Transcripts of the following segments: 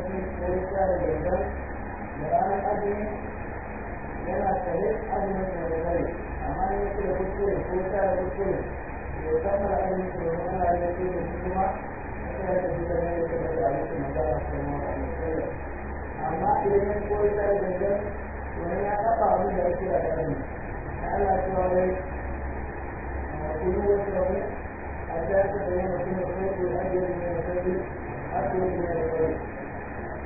sarki ko da yana tsare azumin da da dare amma ya ce da kuskure ko ya da kammala da wani ana ya ce da kuma ya da da da abin da magana ko ma a mutum ya da ya da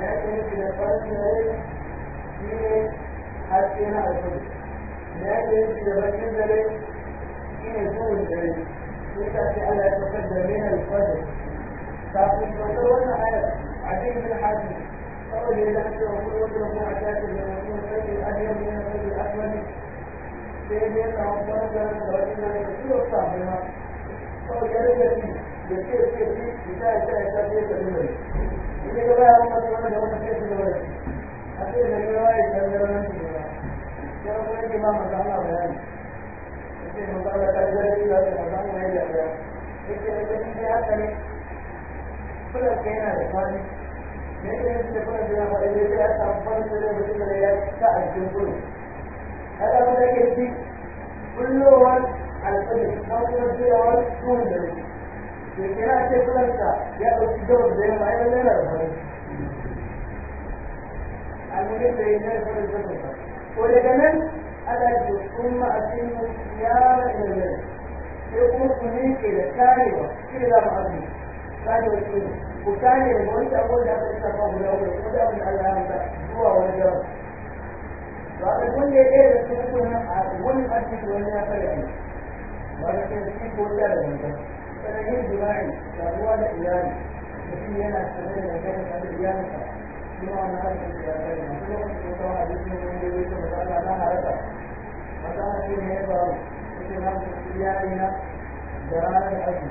da Thank you. kullowar alfajir, kawuwar jirowar tsohon da rufe. yana ce ya ɗauki da yamma ya ko daga nan ala ji kuma a da nan sai kuma ku miƙe da za mu ku da aka guda zuwa ba kun da wani wani ya ko tsananin jima'i ruwa da iyali mutum yana sanar da magana da iyalinsa kuma wani harkar da ya kai Kuma lokacin da kawo hadisi ne wanda ya wuce matsala na harata matsala ce ne ya faru suke na iyalina da ranar da ake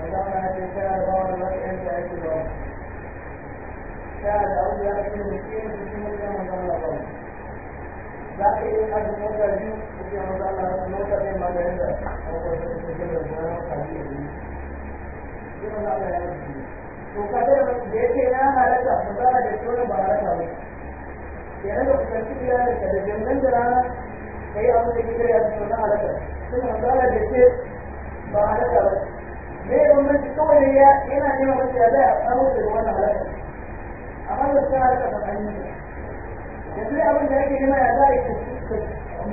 matsala na ce kaya da bawa da wata yanka ake bawa kaya da abu ya ce ne ya fi mutum ya matsala bawa za ka yi azumin biyu to kadar da yake na za a da da da da yi da a magana da ya bambanci a da da yi da za a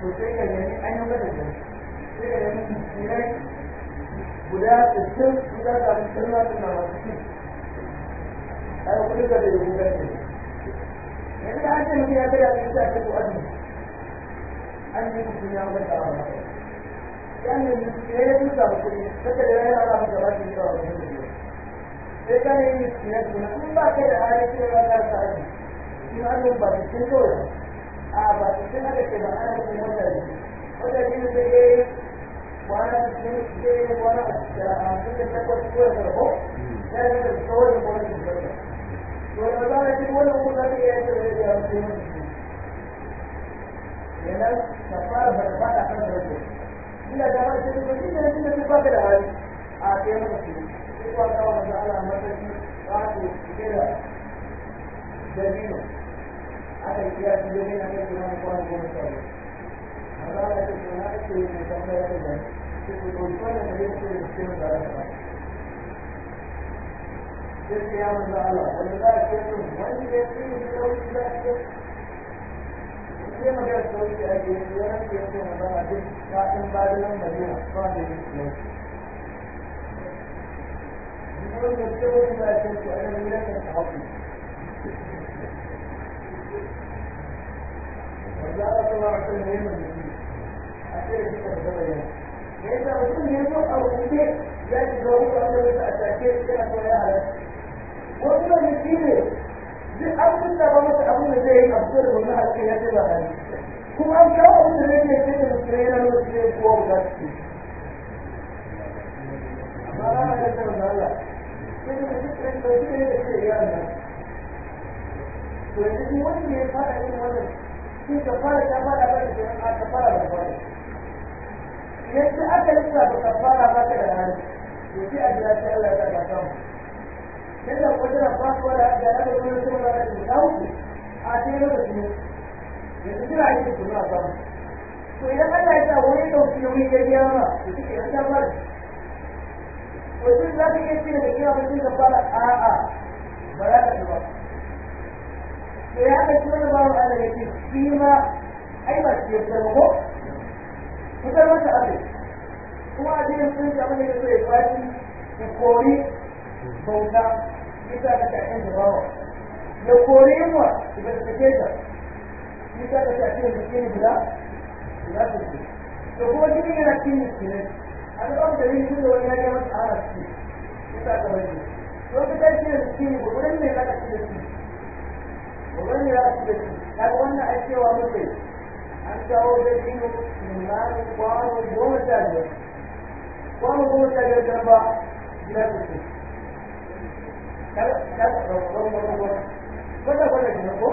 to sai ka gani an yi gada da sai ka gani musulmai guda sittin guda sabin sirna suna masu ci a yi kudu da da yi gudan ne yanzu an ce mutum ya gada da shi a ce ko azumi an yi mutum ya gada a wani yan ne musulmai ya tuta a kuɗi saka da yana ba mu gaba da yawa wani da sai ka yi musulmai kuma in ba kai da hali sai ba ka sa azumi shi ma azumi ba su cin kawai a ba su sun haka ce ba ana cikin mutane mutane ne ke yi kwana cikin zai yi kwana da hamsin da takwas ko da farko ya yi da tsawon kwana da farko to da za a cikin wannan kuma zai iya yadda zai yi hamsin da kenan ka fara barba a kan farko ina da ba su kuma ina da cikin ba ka da hali a kai mana su sai ta kawo ala mataki ba su da biyu aka yi kira yana kai kuma ne kwan goma sha biyu ke kuma ake yi mai tambaya da zan su kuma da ne su da ya Allah wanda za a ce sun wani da ya fi yin sauki za a ce sai magana sauki a ke yi yana ke yi maza a duk sa'in badalan madina kwan da ya fi sauki Wanda ke wani ya وجاء الله عز وجل ليس الرسول يجوع او يجيء يجد له ان التاكيد كما قال وكما يجيء لأن تبغى تعمل زي أبصر وما هالكلام ده هو أن شاء الله تريد يصير مسترينا مسترين فوق بس ما لا لا لا لا كده مسترين بس كده يا ناس ولكن يوم يفعل إيه shi ta fara da jiran aka fara lissa ba ka fara ba ta da hannu to sai a jira sai Allah ta ka samu dan da ko da ba ko da da da ko da ko da da ku a ce ne da ne yanzu kira kuma ba to idan Allah ya sa wani dauki wani ya biya ma to shi ke ta fara wajen za ta ke ce da kiyar wajen ka fara a'a ba za ka ba to eh, ya ga cikin da babu Allah shi ma ai ba shi yadda ko kusan masa abin kuma a cikin sun samu ne so ya fashi ya kori bauta bisa ga ta'in da bawa ya kori yunwa da ta take ta bisa ga ta'in da ke guda guda ta ce to kuma cikin yana cikin miskinai a ga babu dalilin tun da wani ya ga masa ana ciki bisa ga wani lokacin cikin gudunan ne za ka ci da wani za a ci da shi kaga wannan ai cewa muke an kawo da dino limanin kwano goma sha biyar kwano goma sha biyar kan ba gida ku ce kwata kwata gina ko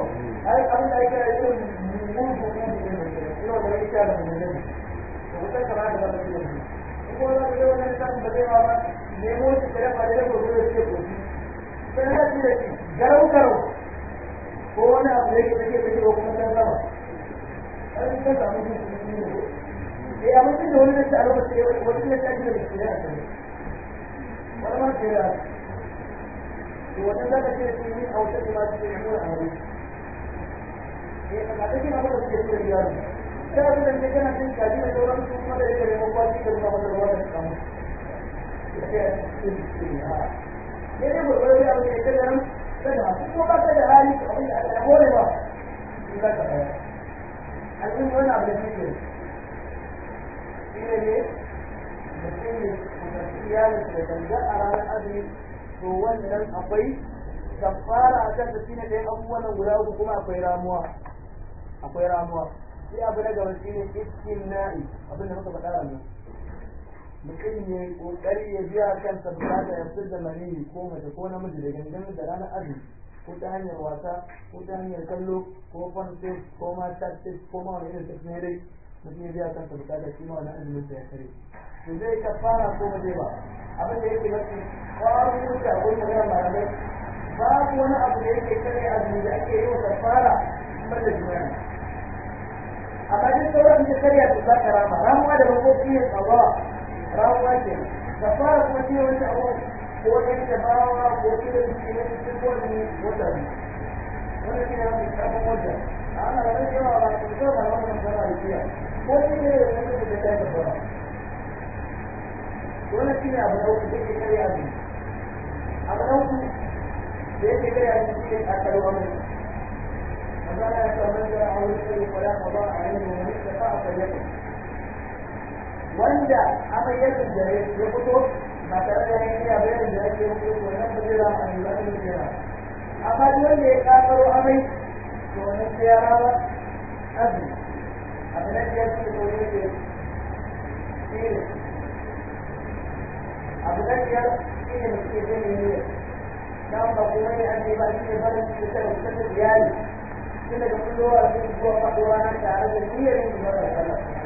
ai abin da ake yi mun ko kuma ne ne kuma da ita da mun ne ko ta kama da ba su ko da kuma wannan san ba zai ba nemo shi da ba da gobe da shi ko sai na ji da shi garau garau ko wani abu da yake take take ko kuma kan sama an ka samu shi wani wani ne ce ta kada ba da da ne ne ya da a ranar azumi to wannan akwai a kan shi ne da abubuwan guda uku kuma akwai ramuwa akwai ramuwa sai abu na gaba shi ne iskin na'i abin da muka faɗa a nan mutum ne kokari ya biya kansa bukata ya fi da maniyi ko mace ko namiji da gangan da ranar azumi ko ta hanyar wasa ko ta hanyar kallo ko fanfes ko ma tactics ko ma wani irin ne dai mutum ya biya kansa bukata shi ma wani azumin da ya kare to zai ka fara ko ba ba abin da yake mafi kwarin da ko magana malamai babu wani abu da yake kare azumi da ake yi wa kafara kamar da jima'i amma duk sauran da karya su za ka rama ramuwa da makoki ne bawa ke ka fara kuma ce wani abu ko ɗan bawa ko ce da duki na cikin wani wata ne wanda ke yawon mai karfin wata ana yawa ba zama na wannan da ko ce ne da wani da ta yi fara wannan shi ne abu na uku da ke karya ne abu na uku da yake karya ne shi ne a karwa mai فلا يتمنى أو يسأل فلا قضاء عليه a استطاع فليكن wanda amai ya da ya fito ba tare da ya a bayan da yake yi ko nan ba zai a ne ba jira amma duk wanda ya kakaro amai to wani tsayara ya rama abu na ya ko ne ke tsere abu na da shi ne da ke zai ne dan ba kuma ne an ba shi ne barin cutar da iyali tun daga sun zuwa faɗuwa na tare da niyyar yin zuwa da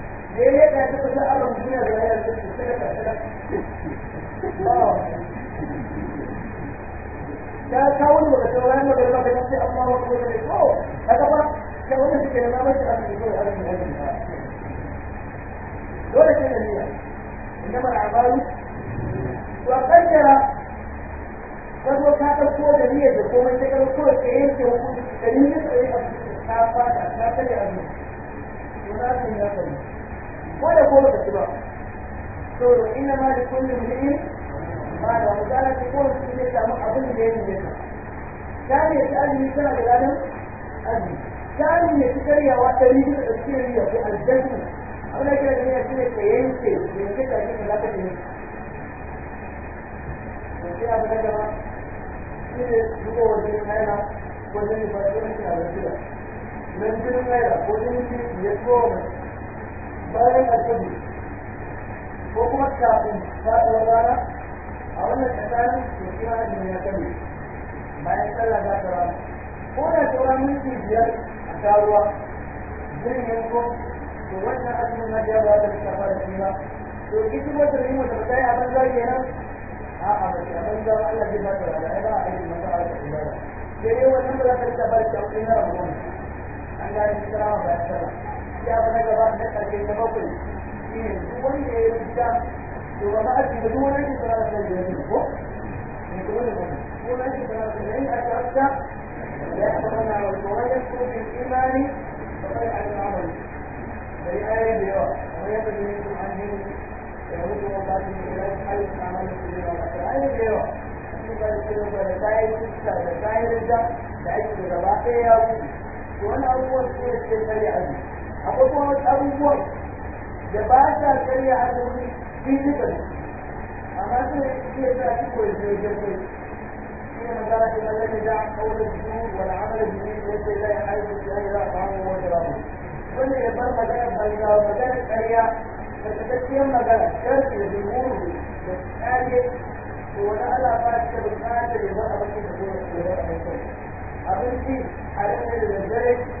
Eh, ya kawo ne daga sauran da ce amma wani na da abin da ya dole to a da da komai da ke da ولا قوة اتباع سورة إنما لكل امرئ ما له وقال تقول في مثل ما أظن بين الجنة كان يسألني سنة الآدم أبي كان يتكري وأتريد التفسير في الجنة أولا كده جميع سنة ينسي من كده أجيب لا تجميع وفي أبو نجمة سنة هو وزن غيرها وزن فرسونة على الجنة من جنة غيرها وزن يسوع bayan alfajir ko kuma kafin faɗuwar rana a wannan tsakanin to shi ma azumi ya kame bayan sallah za ta rana ko da sauran minti biyar a taruwa zai yanko to wannan azumin na biya ba da shafa shi ba to ita wata rima da ta yi a banza a'a ba ta banza Allah zai ba ta rana ai ba a yi masa a wata ibada sai dai wannan ba za ta shafa da shafa na rabuwa ya na gaba na ƙarfe na bakwai shi ne duk wanda ya yi ta. to ba ma arziki duk wani aiki sana'a sai da yanzu ko ne ko ne ko na aiki sana'a sai da yanzu aka rasa ya kuma na wani ya so bin imani ba kai a yi amal da ya yi da yawa ya yadda ne an yi da ya wuce wata su ne ya yi aiki amal da su ne ba ta yi da yawa su ba da su ba da ta yi kusa da ta yi da da aiki da gaba ɗaya ya wuce wani abubuwan su ne sai kare arziki akwai kuma wasu abubuwan da ba sa karya azumi fizikali amma suna iya sa shi koyi ne wajen koyi suna magana ce na zai da kawai su wani amala jini ko sai zai aiki ya yi za a samu wani rabu wanda ya bar magana banza magana karya da tabbaciyar magana sharfi da zumuru da kage to wani ala ba shi da bukatar ya ba a bakin da kuma su da abinci a yanzu da daddare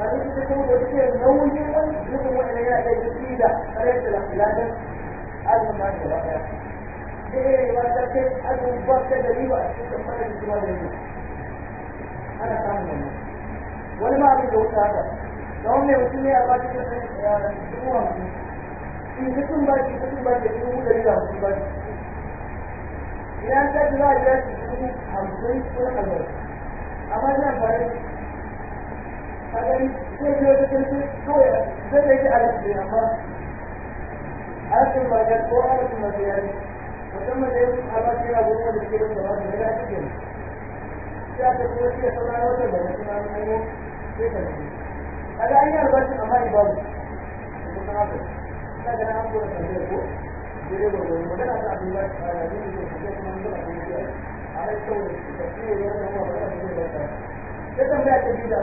bayan da kuma da suke nauyin wani mutum wani ya yi jiki da kare da lafiyar azuma da baya sai ya yi wa ta da a cikin mara da kuma ana samun wani wani ma abin da wuta ba da wani mutum ya ba cikin sun ya cikin wani in cikin ba cikin cikin ba cikin cikin da riba cikin ba cikin ina ta zuwa ya cikin hamsin sun halarta amma ina ba cikin kadan zai biyo ta kirki kawai zai ɗauki alif ne amma alifin majar ko alifin majar musamman dai albashi yana gurin wanda suke yin gaba da ya ake yin sai aka kuma shi ya sanar da wasu na hannu sai ka nufi kaga an yi albashi amma ibabu da kusan haka ina ganin an gura tambayar ko daidai gwagwaro magana ta abin ba a yayin da ke kuma kuma zuwa kuma biyar a haifar da su da su ne wani abuwa ba za su yi ta ya tambaya ta biyu da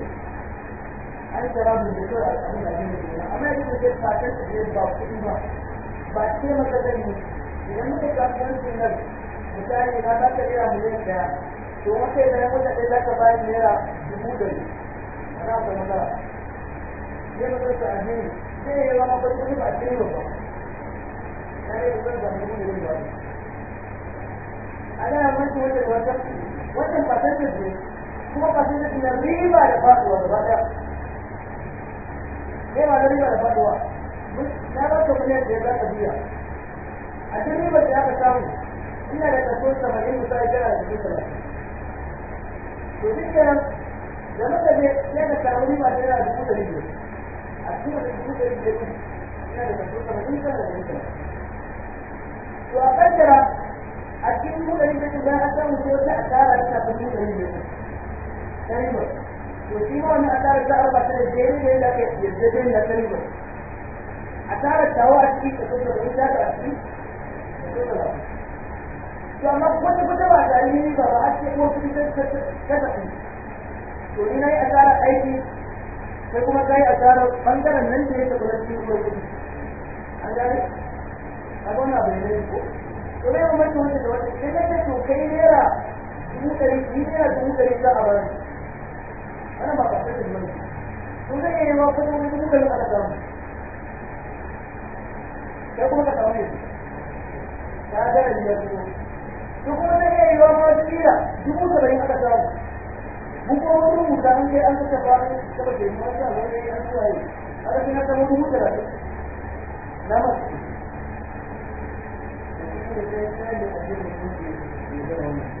an tara mun da kyau da zai fatan kuɗi ba ba idan za ka to wata ɗaya za ka bayar naira dubu zai yi ba na zan zama dubu ba kuma na da naira da riba da faduwa na ba ka miliyan da ya za ka biya a cikin riba da aka samu ina da kaso samanin misali tana da cikin saba'in to duk da da muka je ya ka samu riba da yana da kuka riba a cikin da kuka riba ina da kaso samanin tana da cikin saba'in to a kaddara a cikin kuka riba za a samu sai wata asara da ta fi kuka riba ta riba to shi ma wannan asarar za a raba ta da daidai da yadda aka da yadda aka riba asarar tawa a ciki ta kusa da ita a ciki to amma kwata kwata ba ta yi ba ba har sai kuma kuɗi ta tafi to ni na asarar aiki sai kuma ka asarar bangaren nan da ya tafi na ko kuma? an gane a gona bai ne ko to ne kuma mutum da wata sai ka ce to kai naira dubu ɗari ni naira dubu ɗari za a bani wannan ba ba sai mun kun zai iya ma kuma wani duka ne aka samu sai kuma ka samu ta ga da biyar ko to kuma zai iya yiwa ma wata kila dubu saba'in aka samu mun kuma wani rubuta an kai an kasa ba ne yi na da da wannan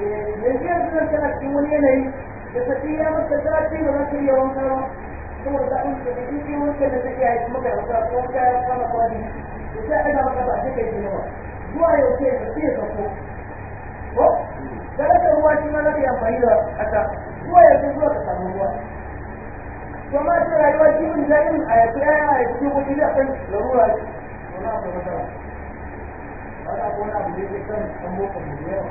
mai biyar suna tana cikin wani yanayi da sati ya mata ta ce ba za ta iya wanka ba saboda za a da kake cikin wanka da take ya yi maka yanka ko wanka ya kama kwani da sai a ɗaga maka ba a ce ba? nawa zuwa yau sai ka fiye sauko ko da rasa ruwa shi ma za ka yi amfani da ƙasa zuwa yau zuwa ka samu ruwa kuma ta rayuwa shi mun da irin a yau ya yana da cikin kuɗi da kan larura ne wani abu da masara ba za a kona abu da ya kan an boka mu da yawa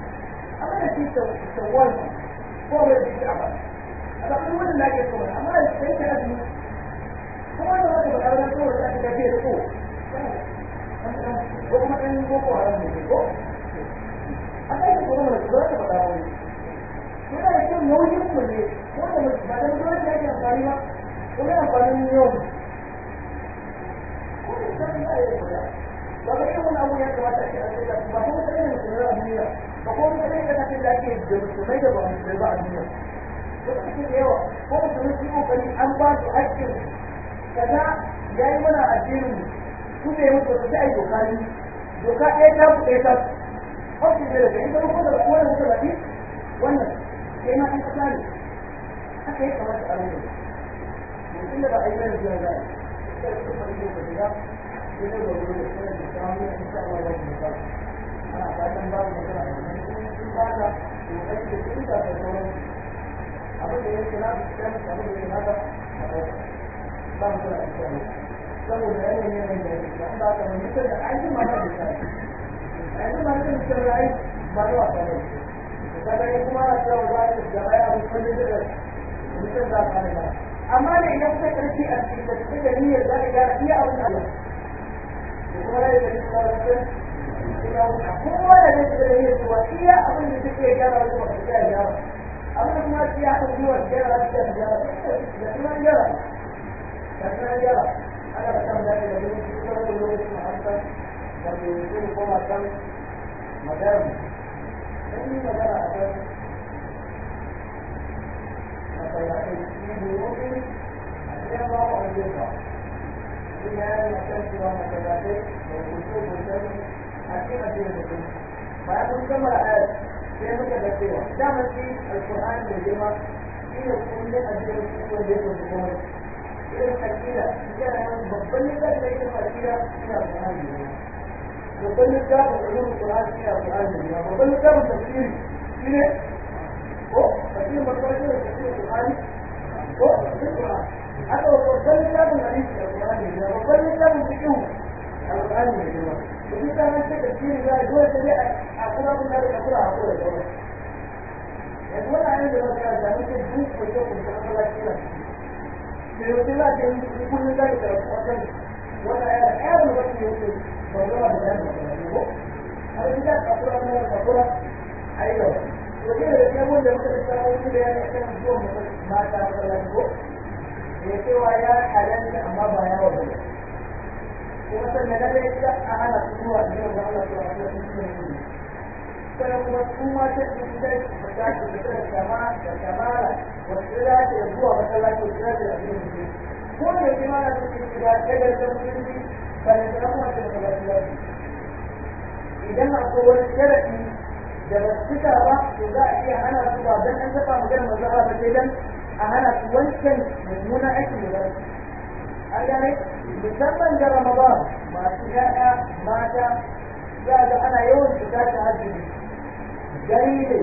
amma da shi da wani ko da shi a ba a ba kuma wannan nake so amma da shi da azumi kuma da wata bakar da ko da ko ko kuma in ko ko haram ne ko a kai ko kuma da wata kuma da shi nauyin mu ne ko da ba wani da yake amfani ba kuma amfanin yau ko da shi da wanda irin wani abu ya kamata a ce an sai ba kuma ta irin musulmai a duniya ba kuma ta irin kasashen da ake da musulmai da ba musulmai ba a duniya wasu cikin da yawa ko musulmai su kokari an ba su haƙƙin kaza ya yi mana addinin su ne mutu su sai a yi doka ne doka ɗaya ta ku ɗaya ta ku wasu ne daga in ka rufe da kowane mutu ba wannan sai ma ɗan kasa ne haka ya kamata a rufe mutum da ba a yi mana biyan zaɓi sai da kuma yi da saboda yanayin yanayin da yake ba ka mai mutum da aikin ma ba da shi da shi da ba da da kuma da mutum amma da idan ka karfi a cikin da kake niyyar za ka ga iya abin da kowane ne da ne zuwa iya abin da suke ana da da gani su kuma da lokacin para buscar la ayat tenemos que hacerlo ya me di el Corán me lleva y lo pone a Dios un buen día con su pobre y lo saquira y ya era un buen día que le saquira y la verdad me lleva lo pone a Dios con un Corán y la verdad me lleva lo pone a Dios con su pobre y le o así me lo pone a Dios con su pobre ko aka babban littafin hadisi da Qur'ani da babban littafin fiqh Al-Qur'ani da girma to duk da an a yanzu ko kuma ya ba ka kula da ya halatta amma ba da ita a hana su zuwa da yau da Allah ta wata sun yi ne sannan kuma su mata su fita ba idan akwai wani sharaɗi da ba suka ba to za a iya hana su ba don an taɓa maganar manzo Allah ba sai dan a hana su wancan mummunan aikin da an gane musamman da Ramadan masu ya'ya mata za ga ana yawan shiga ta hajji gani ne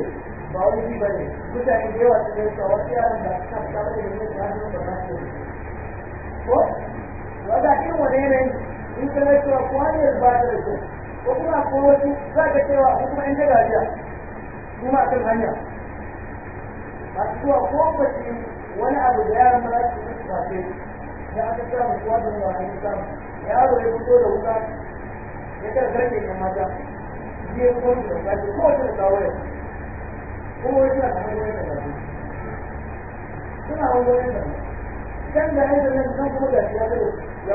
ba wani bi ba ne mutane da yawa su ne tsawon yaran da suka fita da ne ta hajji ba za su ko wadda irin wani yanayin in kana cewa kwaniyar ba da kyau ko kuma za ka cewa kuma in da dariya su ma hanya masu zuwa ko bace wani abu da yaran ba su yi kwace da aka samu kuwa da ba a samu ya fito da wuka ya kar garke ya da kwace ko na kamar wani suna kan nan kuma ga shi ya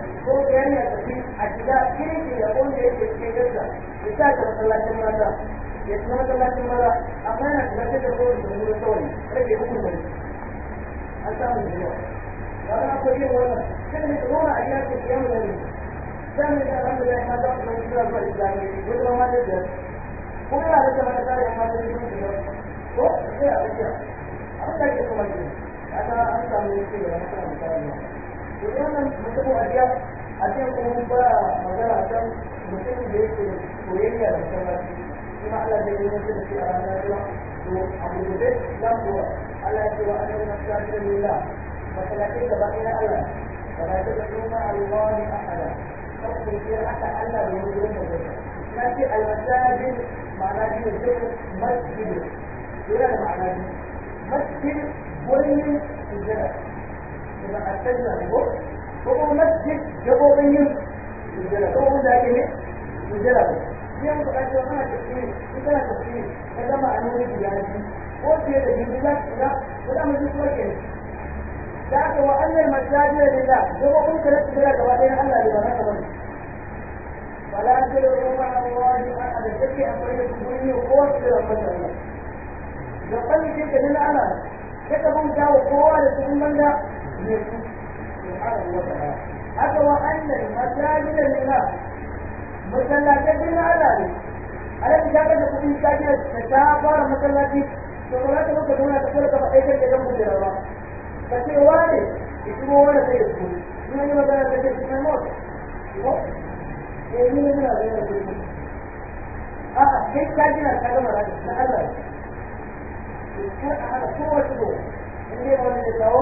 ko da tafi a shiga kirki da wanda yake cikin yadda ya sa ta masallacin mata ya shiga masallacin mata amma yana shiga ta da kowane da kawai rage hukun mai an samu da yawa ba na ko yin wannan kan da kuma a gida ke kiyan da zan yi alhamdulillah na zaɓa na kira zuwa islami ko da ma da da ko ya da ta mata da ma da ne ko sai a tsakiya abin da ke kuma ke ana an samu yake da wata mutane wannan mutum a biya a ce kuma ba magana a can mutumin da yake koyayya da sauransu kuma Allah zai yi mutum da shi a ranar ruwa a Allah ya ce wa annabi masalatu lillah masalatai gaba ɗaya Allah ba za ta Allah ne ahada kan ku ce Allah bai yi da zai na ce al-masajid ma'ana biyu masjid yana da ma'ana biyu masjid wurin sujjada alƙalla ne ko ko kuma masjid gabobin yin sujjada ko kuma da ake ne sujjada a nuna ko da biyu za ɗaya Allah ba da ana sai wa kowa da cikin banda سبحانه وتعالى haka wa'annan masajidan lillah masallatan din ka ga kudi ka ji da ta fara masallaci to ba za muka zauna da ka ce ki kuma sai kuma magana ko ne na da a a na ko a hana kowace ko wani da kawo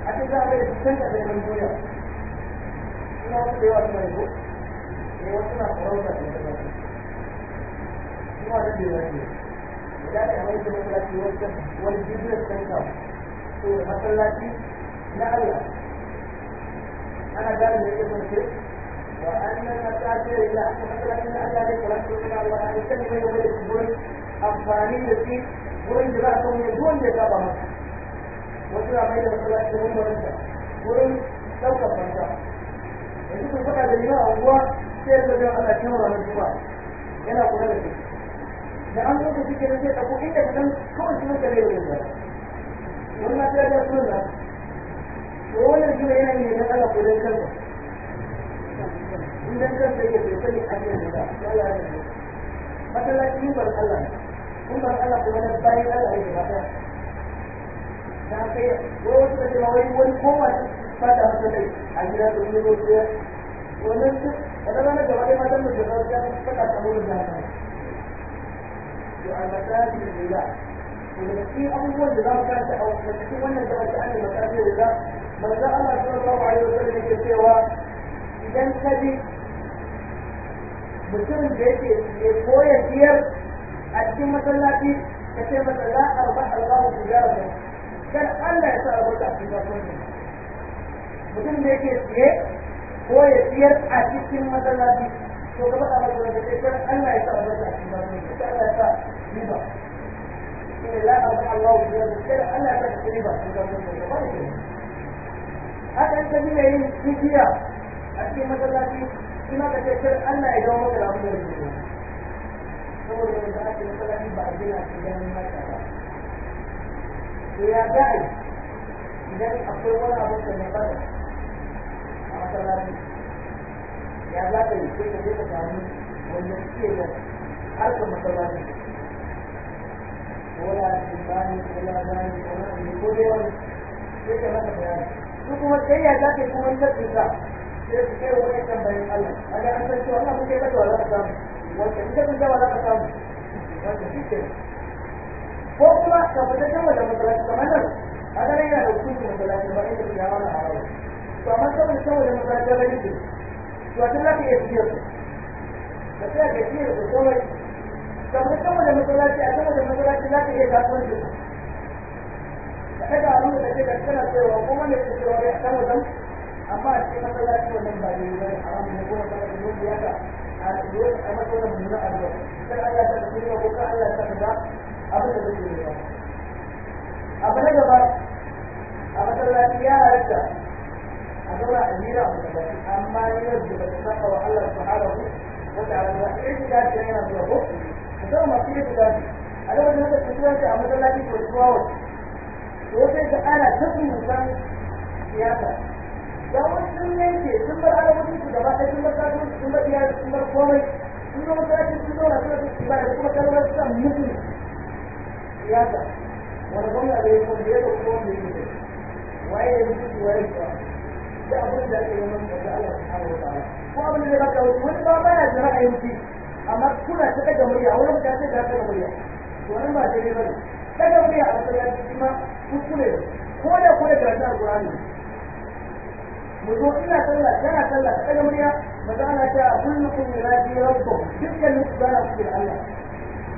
a cikin zaɓe da cikin da zai mai duniya ina wasu da yawa suna yi eh, wasu na farauta da yawa kuma da bai wani da ya mai da masallaci wasu wani business center to masallaci na Allah ana gane da yake son ce wa annan masallaci da Allah masallaci na Allah da na wa da wani amfani da shi wurin da za a ya wasu ya mai da masallaci mumbarinta wurin ɗaukar fanta yanzu kun faɗa da liman anguwa sai ya zaɓi ana kyan ranar juma'a yana kula da shi da an zo da shi ɗauko inda ka san kawai sunan da. ne wurin da wani na tsaya da sunan da to wannan shi yana yin yana ala in dan kansa yake bai sani an yi da Allah ya yi masallaci mumbar Allah mumbar Allah kuma na bayan Allah ya yi ba na kai wai wasu da cewa wai wani kowane fata masa kai a gida da wani rojiya wannan su a zama na gaba ɗaya matan da gaba ta fata samu da zaka to a mataki da gida daga cikin abubuwan da za mu kanta a cikin wannan gaba ta an da mataki da gida manzo Allah sallallahu alaihi wasallam yake cewa idan ka bi mutumin da yake ya koya biyar a cikin masallaci ka ce masa la arbaha Allahu tijaratan kar Allah ya sa a cikin kasuwanci mutum da yake siye ko ya siyar a cikin masallaci to ka faɗa masa wanda sai kar Allah ya sa albarka a cikin kasuwanci kar Allah ya sa riba shine la arba Allah bi yadi kar Allah ya sa riba cikin kasuwanci ba ne haka in ka ji yin kibiya a cikin masallaci kuma ma ka ce kar Allah ya dawo maka da da yake saboda wanda ake masallaci ba a gina cikin mata ba to ya za idan akwai wani abin da ya bada a masallaci ya za ka yi sai ka je ka samu wanda suke da harkar masallaci ko da tsibani ko da zani ko da ne ko da yawan sai ka masa bayani su kuma sai ya za ka yi kuma zarfin sa sai su kai wani tambayin Allah kaga an san cewa Allah mun kai ka to za ka samu wanda in ka tunta za ka samu wanda shi kenan ko kuma ka fita can wajen masalaci kamar nan a gare yana da hukunci masalaci ba inda ku yawa na harawa to amma saboda can wajen masalaci ba gani ce to a can za ka iya biyar ka tsaya ka biyar da komai ka fita can wajen masalaci a can wajen masalaci za ka iya kasuwanci ka daga abin da kake da kana tsayawa ko wanda ke tsayawa a can wajen amma a cikin masalaci wannan ba da yi ba a wani ko yi, ko biyaka a a masallaci mu na addu'a sai Allah ta tsira ko ka Allah ta tsira abin da zai yi abu na gaba a masallaci ya halatta a zaura a jira a masallaci amma yau da ba ta saka wa Allah subhanahu wa ta'ala ba irin da ta yana zuwa ko musamman masu yi gudaji a lokacin da ta tuwace a masallaci ko tuwa wasu to sai ta ana tafi musan siyasa da wasu sun yanke sun bar alamomin su gaba ɗaya sun bar kasuwanci sun bar iyali sun bar komai sun zo masallaci sun zo na suna su ba da kuma kalmar sa mutum siyasa wani gwamna bai kwamfiye da kuma wanda yake da ya ya da Allah subhanahu wa ta'ala ko abin da ya baka wani ba baya da ra'ayin ki amma kuna ta daga murya wani mutum sai da daga murya to ba daidai bane daga murya a zo ina sallah kana sallah daga murya maza Allah ta kullukum yuradi rabbukum dukkan mutane su da Allah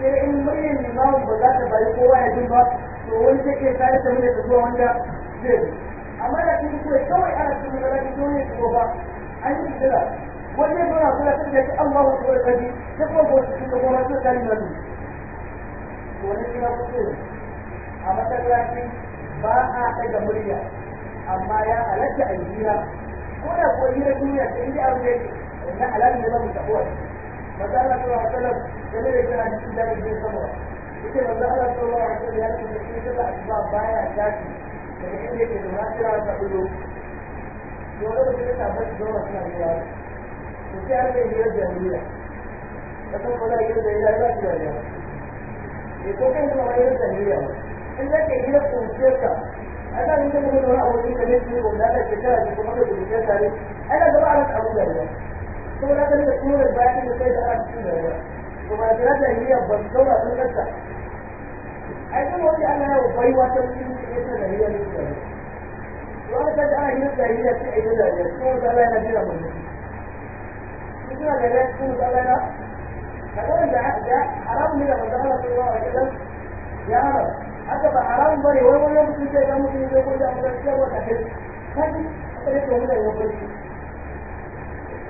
sai in muryan limamin ba za ta bari kowa ya ji ba to wani zai iya tare da murya ta zuwa wanda zai amma da cikin kuwa kawai ana cikin magana ta zuwa ya shigo ba an yi da wani ya zauna suna ta zai ta Allah wa kuwa kaji ta kuma ba su cikin kuma su tare da ni to wani na kuwa a masallaci ba a ɗaga murya amma ya halatta a yi hira ko da kuwa hira duniya ta yi da abu da na halal ne ba mu فقال صلى الله عليه وسلم كذلك أن تدرك في الصبر يمكن أن الله صلى الله عليه وسلم يأتي في سبع أسباب بايع ذاتي فبحيث يجب ما ترى تقلوب يقول لك أنت عبدت دورة من الرياض وتعرف أن هي الجاهلية فقال لا يرجع إلى لا ترى يقول لك أنه غير الجاهلية إن كي يكون شركة أنا مثل من هنا لك مثلي ولا لك تشاهد ومحمد لك أنا دبعت أبو جاهلية kuma na san da turin bayan da kai da ana cikin rayuwa kuma da na ba su zauna sun gasta ai kuma wani ana yawa bai wata cikin cikin ta ne su gari wani da ana yi a yi ta jahiliya kuma wata ala yana jira mun da suna jahiliya cikin wata ala yana kaga wanda haramun ne da manzo Allah sallallahu alaihi wasallam ya haram haka ba haramun bane wai wani mutum zai ga mutum zai ko da mutum zai ko aka yi to mutane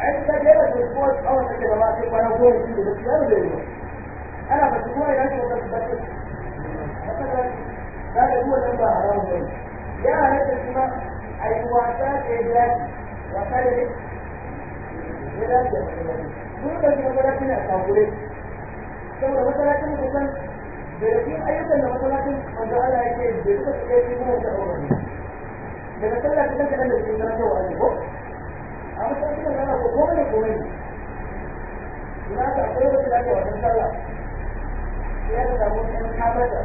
ai ta ga da ko tsawon take da wata kwana goma shi da gaskiya da ne ana ba kuma ya ce ba ta ce haka da da ga duwa nan ba haramun bane ya halatta kuma ai wasa da ya dace da ne ya dace mun da kuma da kuna kakure saboda masallacin kusan da yakin ayyukan da masallacin manzo Allah yake da duka take da ko a matakin da yana ko komai da komai ina ka akwai wasu ke wajen sallah ya da samu ɗan abada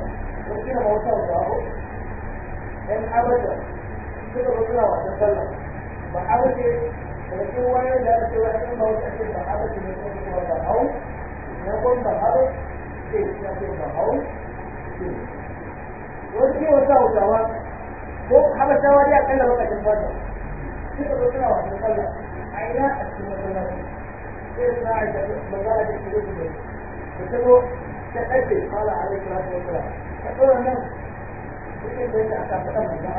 ko kina ma wata wata ko ɗan abada suka zo suna wajen sallah ba abada da cikin wani da ya ce ba wata ce ba abada ne ko kuma ba hau na kwan ba hau ce na ce ba hau ce wasu ko a suka zo suna wasan sallah a ina a sai suna ba za a da ta zo ta ɗaje fara a rai kira ta ta ɗora faɗa da ta ba ta wasan a da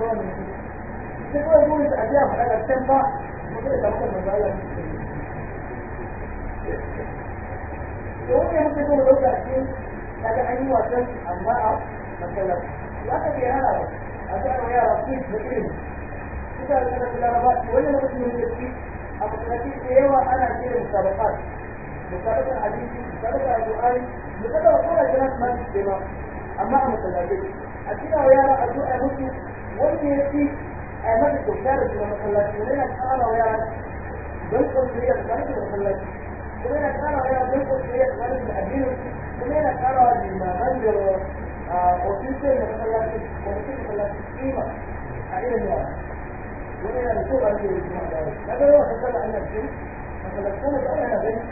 kawai ta ajiya da ba mutum da to wanda muke so mu shi daga an yi wasan amma a masallaci Za ka bi hana ba a ga wa yara su da ilimi kuka da kana laraba wannan mutum ne da shi a masallaci da yawa ana kiran sabaqat musabaqat hadisi musabaqat qur'ani musabaqat kuma jira su masu kema amma a masallaci a cikin wa yara addu'a musu wani ya fi a yi mata kyautar da masallaci wani na kara wa yara don kwanciyar da masallaci come era caro era tempo che era caro il bambino, come era caro il mangiolo, potente non per la potente per la prima, allora non yi il suo bambino di mandare, ma doveva pensare alla gente, ma per la scuola non era bene.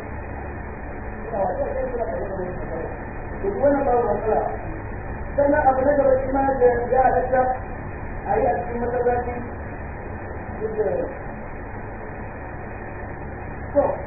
No, io penso la cosa non si fa. Dove una parola non la. Sannan abu na gaba shi ma ya halatta a yi a cikin masallaci duk da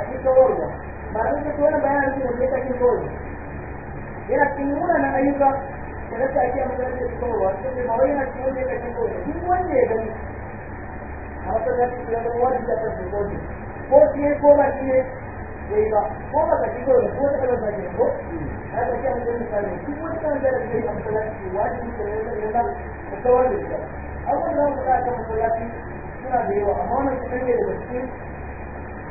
ajisowarwa ba sun ce wani bayanin su ne ta kisowarwa yana cikin munanan ayyuka da rasa ake a matsayin da kisowarwa sun ce ba wai yana cikin wani ta kisowarwa duk wanda ya a da kisowarwa wani da ta ko shi ne ko ba shi ne ya yi ba a yadda ake eh, a matsayin da kisowarwa da ke a matsayin da wani da ya yana a suna da yawa daga cikin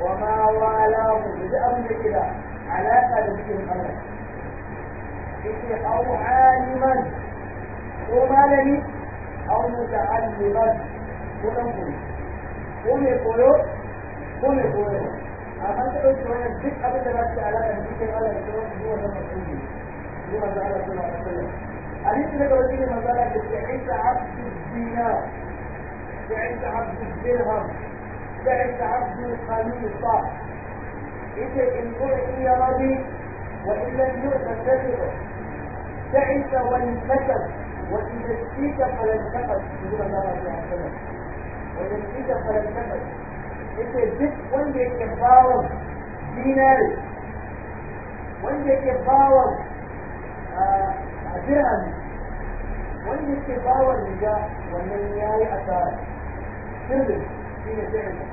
وما والاهم da abin da ke da alaƙa da cikin Allah yake au aliman ko malami au muta'alliman ko dan koyo ko mai koyo ko mai koyo amma ta ɗauki wannan duk abin da za alaƙa da cikin Allah da kuma zuwa da mutum zuwa da Allah sallallahu alaihi wasallam hadisi daga wajen manzala da ke isa abdu dinar ko بعث عبد الخليفة إذا إن بعثي رضي وإن لم يؤت كذبه بعث وانكتب وإذا اشتيت فلا انتقد يقول الله عليه وسلم وإذا اشتيت فلا انتقد إذا جد وإن يكفاهم دينار وإن يكفاهم درهم wanda ke رجاء riga wannan ya yi asara sirrin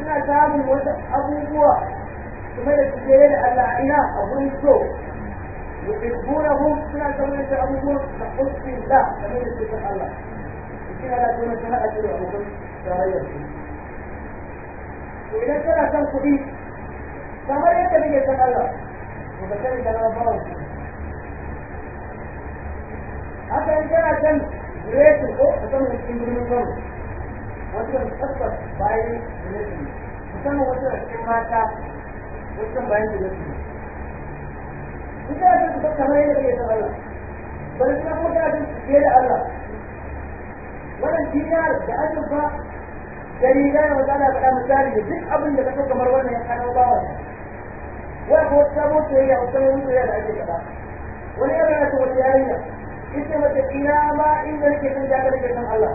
suna samun wata abubuwa kuma da suke da al'a'ina a wurin so yuhibbunahum suna samun da abubuwa da husbin da game da sukan Allah suna da kuma suna a cikin abokan tarayyar su to idan kana son kuɗi kamar yadda nake son Allah to ka sani da rabawa haka in kana son Grace ko a kan wasu birnin Kano wasu da tabbas bayan zunubi musamman wasu da cikin mata wasu bayan zunubi ita da ta kamar yadda ya zama bari suna ko da ta fiye da Allah wannan jiniya da azurfa da riga da wata da faɗa misali da duk abin da ka kamar wannan ya bawa ya ko ta mutu ya da ake wani yana wata yarinya ita ina ma inda san jagar san Allah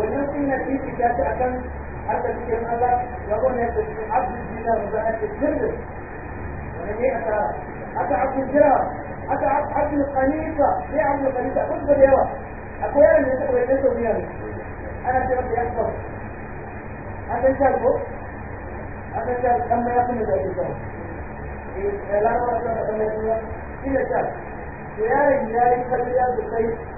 ونفي في جاتي أكن حتى في المدى يقول لك عبد الجنة وبعد الجنة يعني إيه؟ ونبي أتى أتى عبد الجنة أتى عبد القنيفة إيه يا عبد القنيفة كل بديوة أقول أنا أنت أقول أنت أنا في ربي أكبر أنت شاربه أنت شارب أما يقوم بذلك الشارب لا أرى أن أتمنى إلا شارب يا رجل يا رجل يا رجل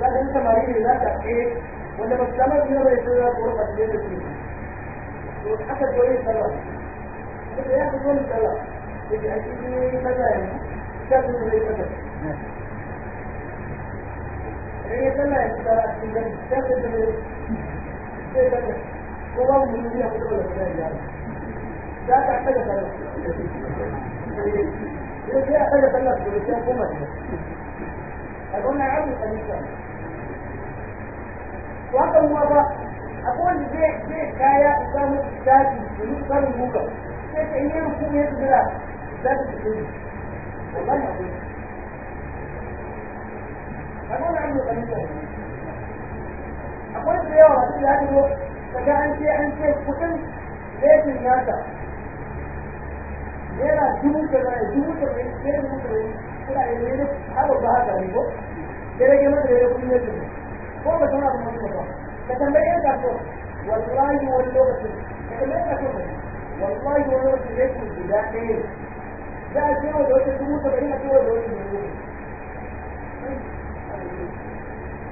لازم انت مريض لنفسك ايه وانت بتستمر هنا بيصير غرفه الليل فيه واتحسب كويس خلاص انت ياخد كل خلاص يبقى اكيد مثلا كذا زي كذا هي كلها انت انت بتستخدم زي كذا والله من هنا كده ولا كده لا تحتاج خلاص ايه ايه حاجه خلاص بس هي كومه اقول لها عبد الخليفه hakan ruwa ba akwai wanda zai kaya in zafi da yi samun sai ta yi yin kuma ya tsira za ta fito ne wallahi a akwai na iya tsanin tsanin akwai da yawa an ce an ce kudin laifin nasa naira dubu kaza ne dubu kaza ne dubu kaza ne suna ne har ba haka ne da ya kuma yadda ko ba san abin da ba ka tambaye ka ko wallahi wani lokaci ka tambaye ka ko wallahi wani lokaci ne ku guda ɗaya za a kewa da wata dubu saba'in a kewa da wata dubu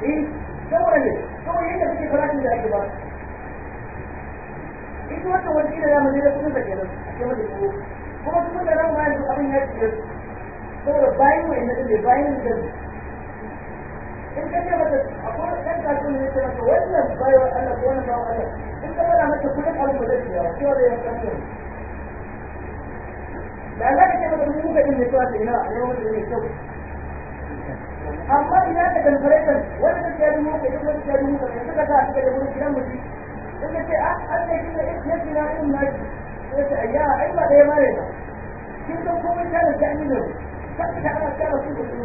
eh saboda ne saboda yadda suke farashin da ake ba in kuma ka wani kila ya da kuɗin da a kewa da dubu kuma kuma da ran bayan abin ya ce saboda bayan wa'in da bayan da in ka ce mata akwai wani ɗan kasuwa ne ce mata wannan bayo Allah ko wannan bayo Allah in ka fara mata kuɗin abin ba zai yawa, ba da zai yanka ne. da za ka ce mata kuɗin kuɗin ne cewa ta ina ne wani ne kyau amma ina da tamfare kan wani ta ciya dubu ka dubu ciya dubu ka yanzu ka sa suka da wurin gidan mutum in ka ce a ah, an ne shi ne eh, na shi na irin naki sai ta ayya ai ba ɗaya mare ba kin san komai ta ah, da ta yi ne kan ta ana ta da su da su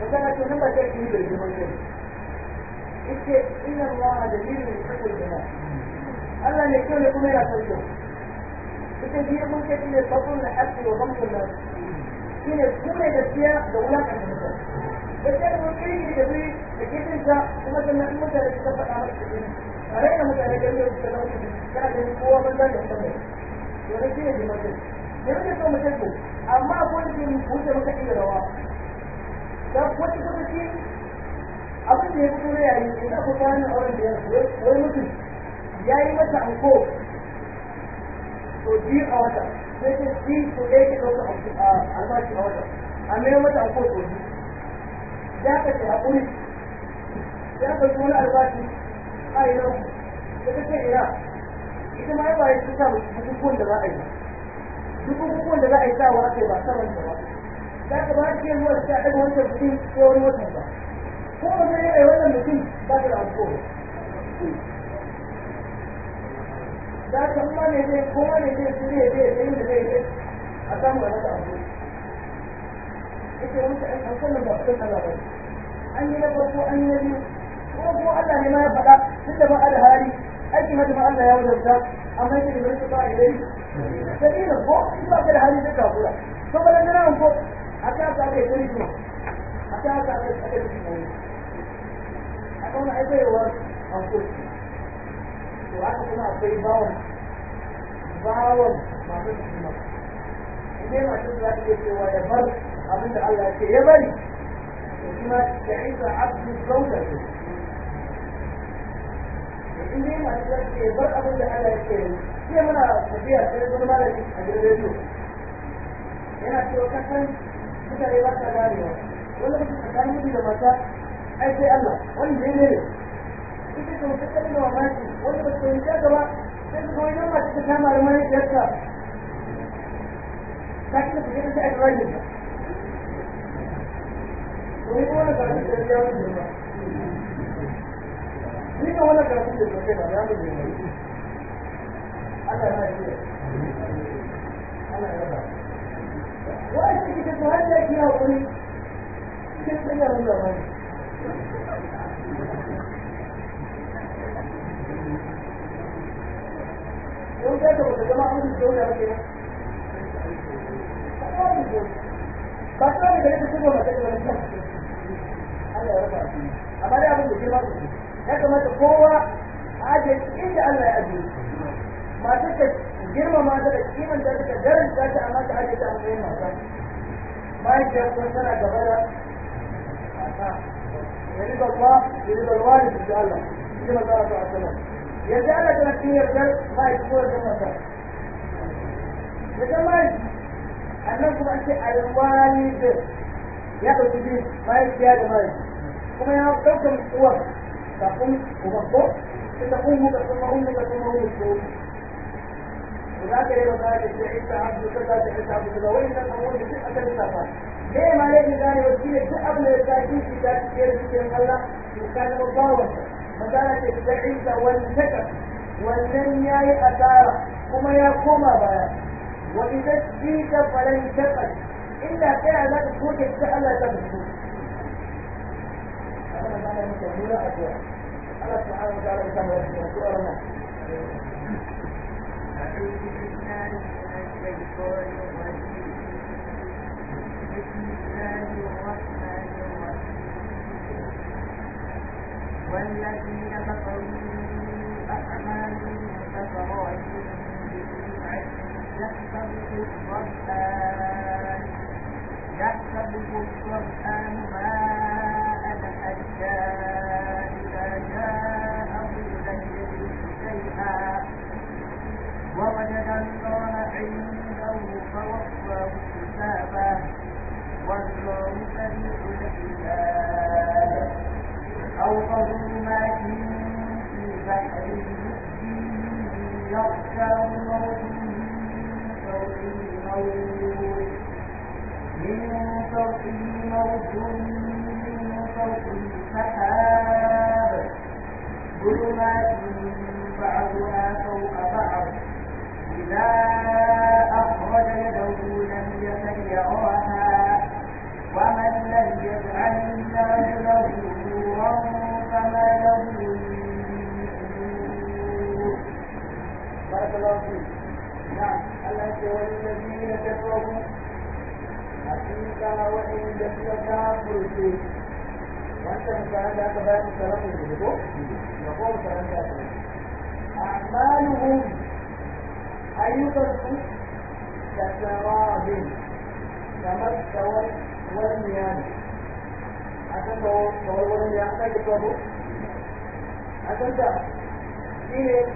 فكانت لما تأتي بالجمهورين إذ إن الله دليل يستقل بنا ألا نكون لكم إلى صدق التدبير ممكن إلى البطل لحد وضمط الناس إلى كل جسيا دولات عن المثال فكان ممكن يجبري لكيف إذا مثلا المثال الذي تبقى على السجن علينا مثلا جميع السلام كان هو من ذلك يحتمل ولكن يجب أن يكون مثلا أما أقول لكم هو مثلا إلى رواه da wata kuma shi abin da ya fito ya yi ina ko kayan auren da ya wai mutum ya yi mata anko to biyu a wata sai ta ci to ɗaya ke ɗauka albashi a wata a mai mata anko to biyu ya ka ce haƙuri ya ka ci wani albashi a yi nan da ta ce ina ita ma ya ba ya ci sa mutum da za a yi duk kukuwan da za a yi sawa aka yi ba saman da ba Da ka ba shi ruwa ta ɗaga wata mutum ko wani wata ba ko ba zai yi wannan mutum ba ta da ko za ka kuma ne zai kowa ne zai su ne zai zai da zai zai a samu wani da abu ita wani ta ɗan kullum ba su da labari an yi na farko an yi na biyu ko ko Allah ne ma ya faɗa tun da ba a da hali aiki mata ma Allah ya wadanta amma yake da bai su ba a yi dai sabila ko ba ka da hali zai kafura to ba da nan ko haka ta kai ta rikima haka ta kai ta kai rikima ne a kan aikaiwar hankoci to haka kuma akwai bawan bawan masu rikima idan masu za ta iya cewa ya bar abin da Allah ce ya bari ya isa abdu zauta ce idan masu za bar abin da Allah ya ce sai muna tafiya sai zama malami a gidan rediyo yana cewa mutane ba ta ganewa wanda kake tsakanin da mata ai sai Allah wani ne ne ita ce mutum ta da mamaki wanda ba ta yi ta ba sai ta kawai nan ta kama da mai yarta ta kira ta kira ta a kawai ta wani wani ka ta da ya wuce ba ni ba wani karfi da ta kai ba ya wuce ba Allah ya yi Allah ya yi wai shi kike ta hanya ki hakuri kike tsaya mun da Yau ta ba ta zama abin da ya wuce da kowa a ajiye inda Allah كلمة ما ذلك كلمة ذلك ذلك ذات أماك عادة أمين ما يكون سنة غير يريد الله يريد الوالد إن شاء الله كلمة الله عليه وسلم يجعل أن الدنيا ذلك ما يكون كلمة ذلك ما يكون أنك أنت الوالد يأتي به ما يكون هذا ما يكون كما يأتي بكم قوة تقوم ومقبوط تقوم وتقوم وتقوم وتقوم وتقوم هناك يقول هذا تعيش عبد كذا تعيش عبد كذا وين الامور بشيء اكل السفر ليه ما ليه ثاني وسيله تعب من التاكيد في تاكيد في الله وكان مضاوش فكانت التعيش والسكر واللن ياي اثاره كما يقوم بها واذا اشتيت فلن تقل الا كان لك صوت السهل تبدو Allah subhanahu wa ta'ala bisa melakukan surah والذين كفروا أعمالهم كسراب يحسبه الظمآن يحسبه الظمآن ماء حجاج ووجد الله عنده فوفاه حسابه والله سريع الحساب أو ظلمات في بحر يغشاه موت من فوقه موت من فوقه موت من فوقه سحاب ظلمات بعضها فوق بعض إذا أخرج يده لم يكن يراها ومن لم يجعل الله له نورا فما له بارك الله فيك نعم التي والذين كفروا حقيقة وإن لم يكافر فيه وأنت من كلام ذاك بعد الكلام اللي يقول كلام ذاك أعمالهم ayyukansu da tsarabin kamar tsawon ne a kan a kan ta shi ne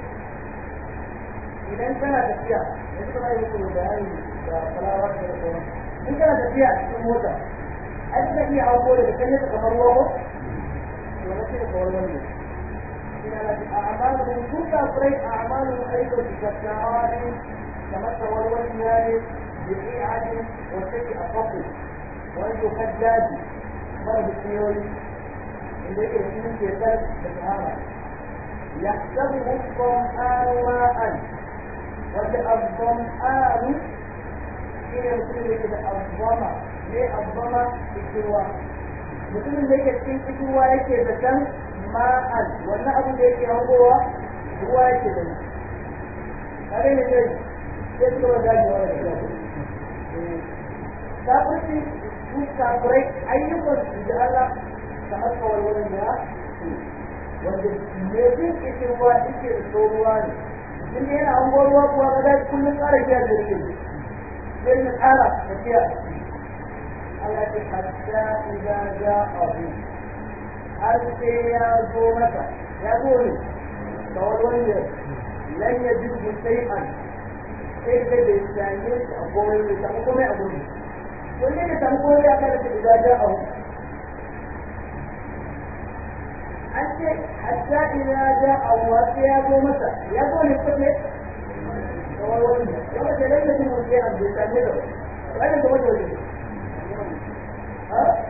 idan kana tafiya da suka mai da da in kana tafiya cikin mota ai suka iya hauko da kan kamar wawo to na ce كانت أعمالهم كل أفراد أعمالهم أيضا كالشعار كما تولوا النار بقيعة وشيء أقل وأنت خداد مرض السيول اللي يكون في ثلاث أشهر يحسبه الظمآن ماء والظمآن إلى يكون كده الظمأ ليه الظمأ في الجوار mutumin da yake cikin fitowa yake zaton ma'an wannan abin da yake hangowa ruwa yake gani kare ne kai sai suka ba gaji wa da shi eh, kafirci su kafirai ayyukan su da Allah ta haka wani da wanda ne zai kike ruwa yake da ruwa ne in yana hango ruwa kuwa ga daji kullum da shi sai na ƙara tafiya Allah ya hatta idan ja'ahu har sai ya zo maka ya zo ne ga wani wanda lan ya ji ku sai an sai da bai same shi a komai bai samu komai a gurin wanda ya samu komai ya kada shi da ja ina ya zo masa ya zo wani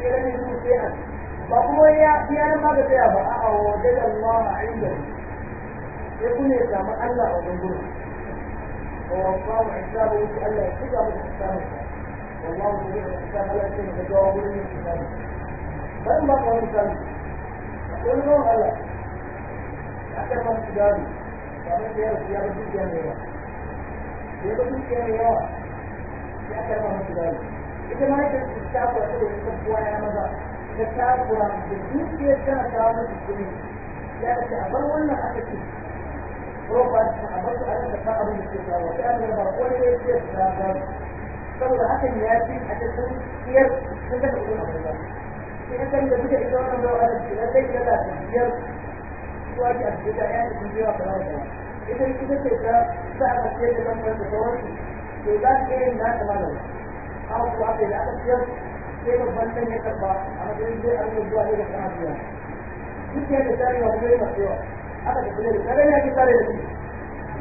sai rashin su sai a ba kuma ya iya nan ba ga tsaya ba a'a wajen Allah a inda sai kuma ya samu Allah a wajen gurin والله حسابه ألا يكتب حسابه والله يريد الحساب لا يكتب حسابه ولا يكتب فلما قال مثال أقول لهم ألا حتى ما استجابي فأنا يا رب يا رب يا رب يا رب يا رب يا رب يا رب يا رب إذا ما نجد الشعب وأقول الحب وأنا مضى الشعب قرآن بالدين في السنة تعرض الدين لا أتعبر وأنا أتكي ربما أتعبرت على الشعب الاستثار وكأن البرقول يستثار فهو حتى يأتي حتى يكون سير تدفع إلى في أنت إذا بدأ إذا أنا لو أنا لا شيء لا سير واجه البدايات من جهة الله إذا كنت تتعب ساعة سير لما تتعب في ذلك ما تمنى kawo yi aka sai ya da aka tafi tare da shi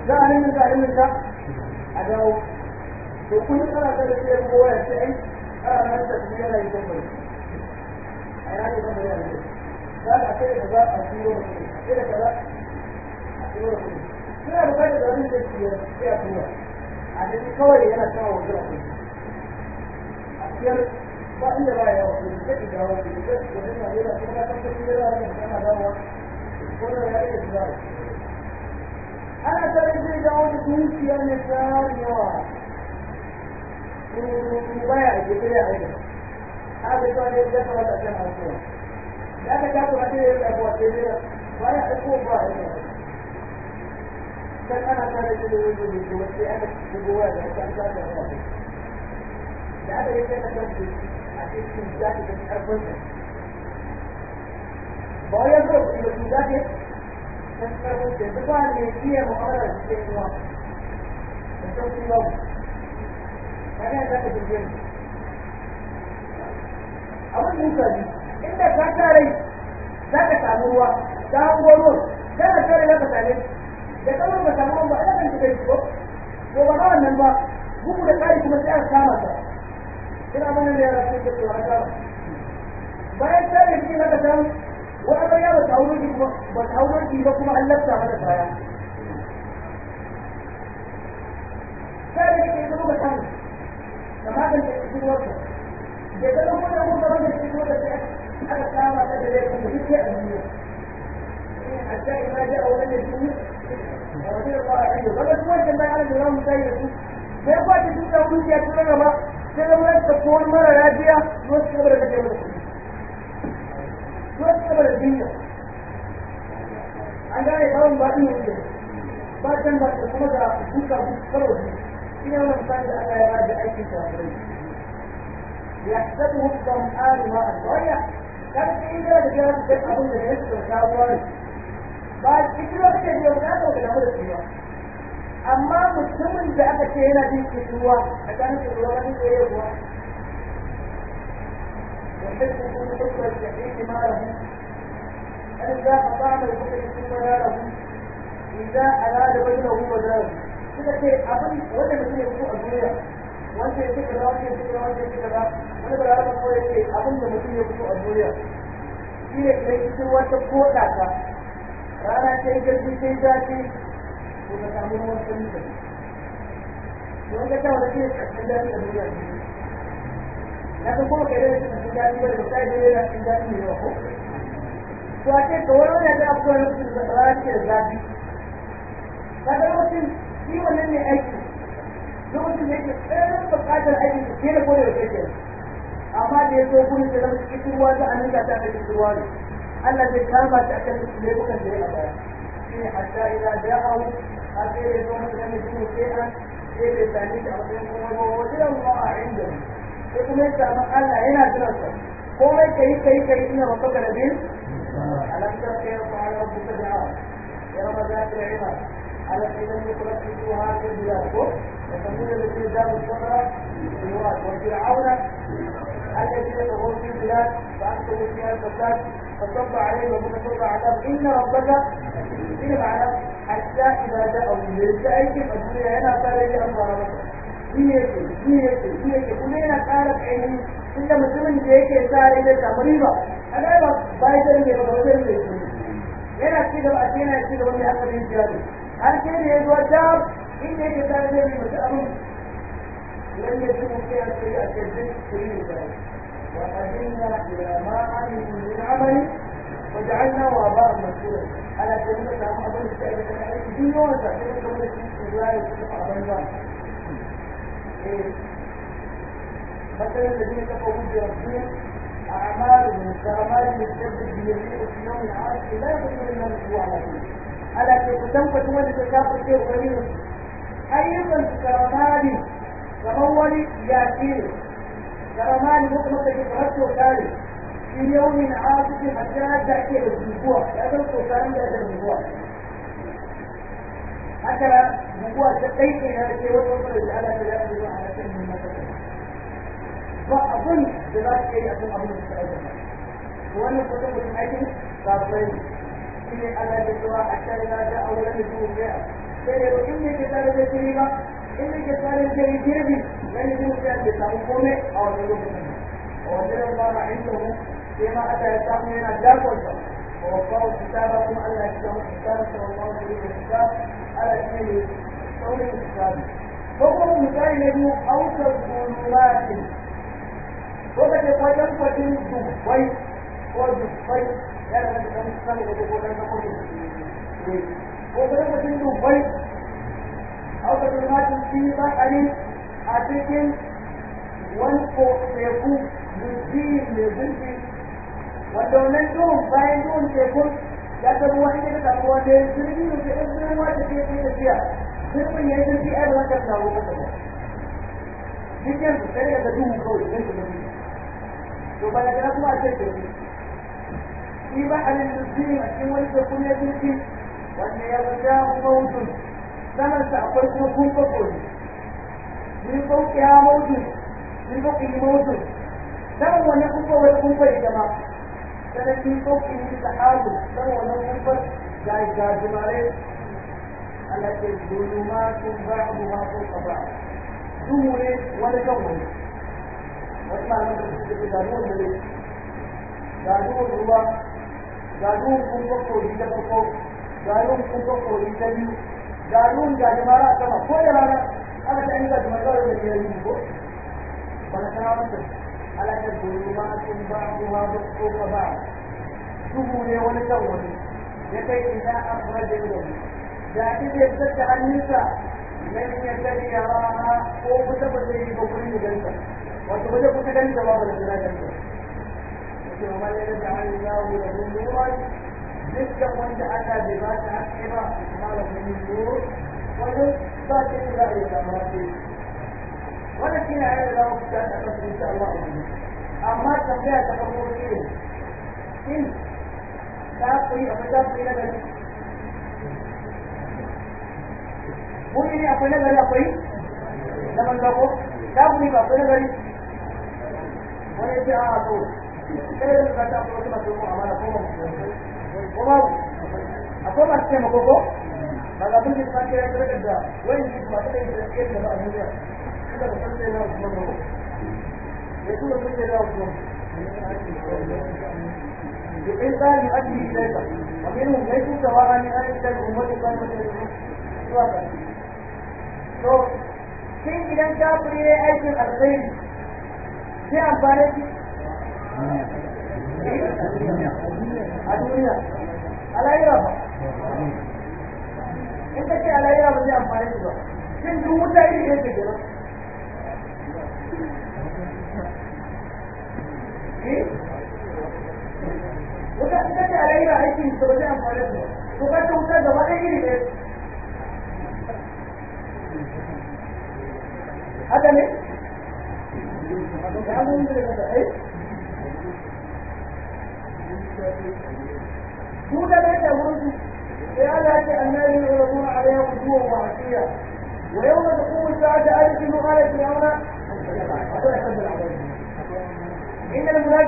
za a nan ta nan a dawo ya a nan a da da a da da kawai yana kawo biyar ba inda ba yawa ko da zai dawo da zai wajen na lera kuma na san kuma lera wannan tana dawowa ko ya rage su dawo ana tare zai dawo da dukiya ne tsarewa kuma baya a gefe ya aika haka ta ne ya kamata a kan hausawa da aka ta kuma ta yi abuwa ta yi baya a ko ba a yi dan ana tare da wani da wani da aka shigo waya da ta da wani da aka yi kai kasar su a cikin za ta kai karfin ta ba wajen zuwa kuɗi ba su za ta kai karfin ta duk wani mai iya mu'amala da cikin ruwa da sauƙi ba mu kana za ka jirgin abin da muka ji inda ka tare za ka samu ruwa ta hango ruwan kana tare za ka same da kawai ba samu ba ina kan cikin ko ko ba wannan ba bugu da ƙari kuma sai aka kama ka duk abin da ya rasu da bayan ta da shi mata ba ta ba kuma an lafta mata baya ta da shi ke zama kan da magan da shi wata da ta zama da kuma wanda shi wata ta aka kama ta da laifin da duk ya ajiye حتى إذا جاء ولد الجنود رضي الله عنه فقد وجد ما على الإمام مسيد فيقول تسوق له يا gaba? sai wani ta ko wani mara lafiya zuwa su gaba da kake mata zuwa su gaba da jinya an gane kawon ba ɗin yake ba can ba ta kuma da duka karo ina wani sani da Allah ya ba da aikin shafirai يحسبه الظمآن ماء ضيع كان في إذا رجعت بيت أبو النبي صلى الله عليه وسلم بعد كتير وقت يجي وقت وكلامه الدنيا amma mutumin da aka ce yana jin kishuwa a kan kishuwa wani ko yau ruwa wanda ke za a da ce abin wanda mutum ya fito a duniya wanda ya wani ce abin da mutum ya fito a duniya shi ne kai ta rana ce, yi garbi zafi وتتعاملون بالنسبة وإذا كان لديك أحداث الدنيا لكن هو كذلك أحداث الوسائل إلى أحداث الوقوف وأكيد كورونا يجب أن نفس الزهرات الزابي هذا الوقت في ولن أجل لوقت يجب أن تقاتل أجل كيف يقول الفجر أما دي يقول لك لما تكتب واجه أنك تعمل تكتب واجه الذي كان ما تأكل ليبقى الدنيا حتى إذا جاءه هل غير اليوم لم يكن شيئا غير الثاني تعطيهم وولي الله عندهم يقول انت انا هنا دراسه قوم كيف كيف كيف ان ربك لذيذ الم تر كيف فعل ربك بالعرب يرى ذات العمر على حين يخرجوا هذه البلاد وتكون التي دار الصخره والفرعون أن يزيد الأمور في البلاد فأنتم فيها الفساد فصب عليهم ربك صب عذاب إن ربك فيهم عذاب حتى إذا جاءوا إليك أيكم الدنيا هنا صار يجي أمر da sa da riba, a ba ba Yana mai har da لن يكون فيها سيئة الجد كل ذلك وقدمنا إلى ما عملوا من عمل وجعلنا وراء مسؤولا على كلمة لهم أظن السائلة عليك دي موزة كلمة كلمة الله يتبع أبنجان مثلا الذين كفروا بربهم أعمالهم كرمال يستبدل بيمين في يوم العاشر لا يكون لنا نسوى على كلمة على كلمة تنفى تولد الكافر كيف غيره أيضا كرمال kamar wani yaƙi ne karamani ko kuma kake kamar toka ne shi yau ne na asibiti hajjara da ke da guguwa ya zan toka haka guguwa ta ɗai ke na da ke wata wata da ala da zafi zuwa a rashin nuna ta ba abun da za su yi a kan abin da suka aikata wannan ne zuwa a shari'a da auren da su sai da yau in ne ke ba ان इन्हें किसान के लिए भी मैंने दूसरे किताबों में और लोगों में और मेरे बाबा हिंदू में فيما أتى يتعب من الأجاب والفرق ووفقوا كتابكم ألا يكتبوا كتابا صلى الله عليه وسلم ألا يكتبوا صوم الكتاب فقروا مثال يجمع أوسط ظلمات وقد يقدم فتن دبي ودبي يعني أنت كم تسمى لك تقول أنت كنت وقد يقدم دبي a cikin في بحر teku ونقو تيكو zurfi. Wanda ودونن دون باين دون teku ya zama wani daga samuwa da ya zirgi da ke ɗan zirma da ke kai tafiya zirgin ya yi zirgi a yawan kan samu kasa ba dukkan su sai daga duhu kawai sai ta mutu to ba da kana kuma a ce shi ba a cikin wani da kuma ya wanda ya zama mawutun samansa akwai kuma kuka koli min fauqiha mawjud min fauqihi mawjud saman kuka wai kuka ya jama sanan min fauqihi sahabu saman wannan kuka ga ga jumare Allah ke zulumatun ba'du ma fauqa ba'd duhu ne wani kan wani wasu malaman da suke da gaduwar dare gaduwar ruwa gaduwar kuka koli da farko gaduwar kuka koli ta biyu ga ruwan ga jama'a a sama ko da rana ana ta ainihin jama'a kawai da ke yi ko ba na sana masa ala ta goyi ma sun ba ruwa ba ko ba su? duhu ne wani kan wani ya kai ina an fara da wani da ake da yadda ta hannunsa ne ya gani ya rama ko kusa ba zai yi ba kuri da ganta wato ba zai kusa ganta ba ba da sana ganta. Wato, ma ne da ta hannun zawo ne? hannun dukkan wanda Allah bai ba ta haƙƙi ba malamin ne ko wani ba ta yi za a yi kama ce wannan shi ne a yadda za mu fita a kan insha Allah a gudu amma tambaya ta farko shi ne shin za ku yi akwai za ku yi nagari mun ne akwai nagari akwai na banzako za ku yi ba akwai nagari wani ya ce a to kada da ba ta kuma kuma kuma amana ko ba mu ko babu akwai masu taimako ko ba ga mun yi fake ya kira da wani ne ba ta yi da da ba a duniya kuma da san sai na kuma ba ne kuma sun sai na kuma بإنسان يؤدي إليك kuma ليس سواء من أهل الكلمة ومن قلبة الإسلام to shin idan kafiri ya aikin alkhairi sai amfane shi a duniya a lahira ba in ka ce a ba zai amfani da ba wuta ne ke gaba eh? wuta in ka ce ba zai amfani da ba to ka ce wuta gaba ɗaya iri ne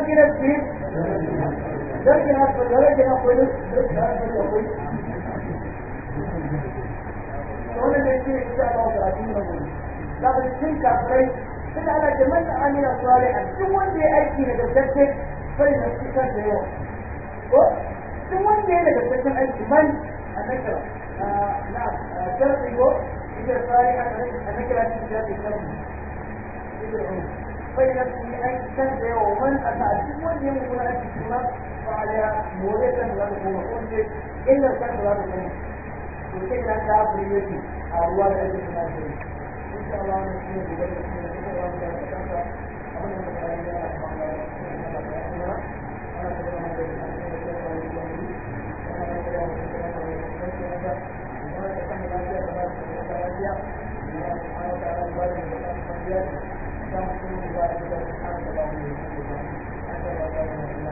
كده السيف ده كده اكبر ولا كده اكبر ده اكبر اكبر قول ان السيف ده لو 30 مليون لكن السيف كافرين sai da Allah ke man amina salihan duk wanda ya aiki da gaskacce sai na cikin da yawa ko duk wanda ya da gaskacce aiki man a nakira na sharfi ko ita salihan a nakira cikin da ya fi sharfi bai na tuni aiki da yawa a wani yin kuna aiki ba a da more kan da za ta koma ko a ruwa da kuma ce insha Allah na Thank you. الله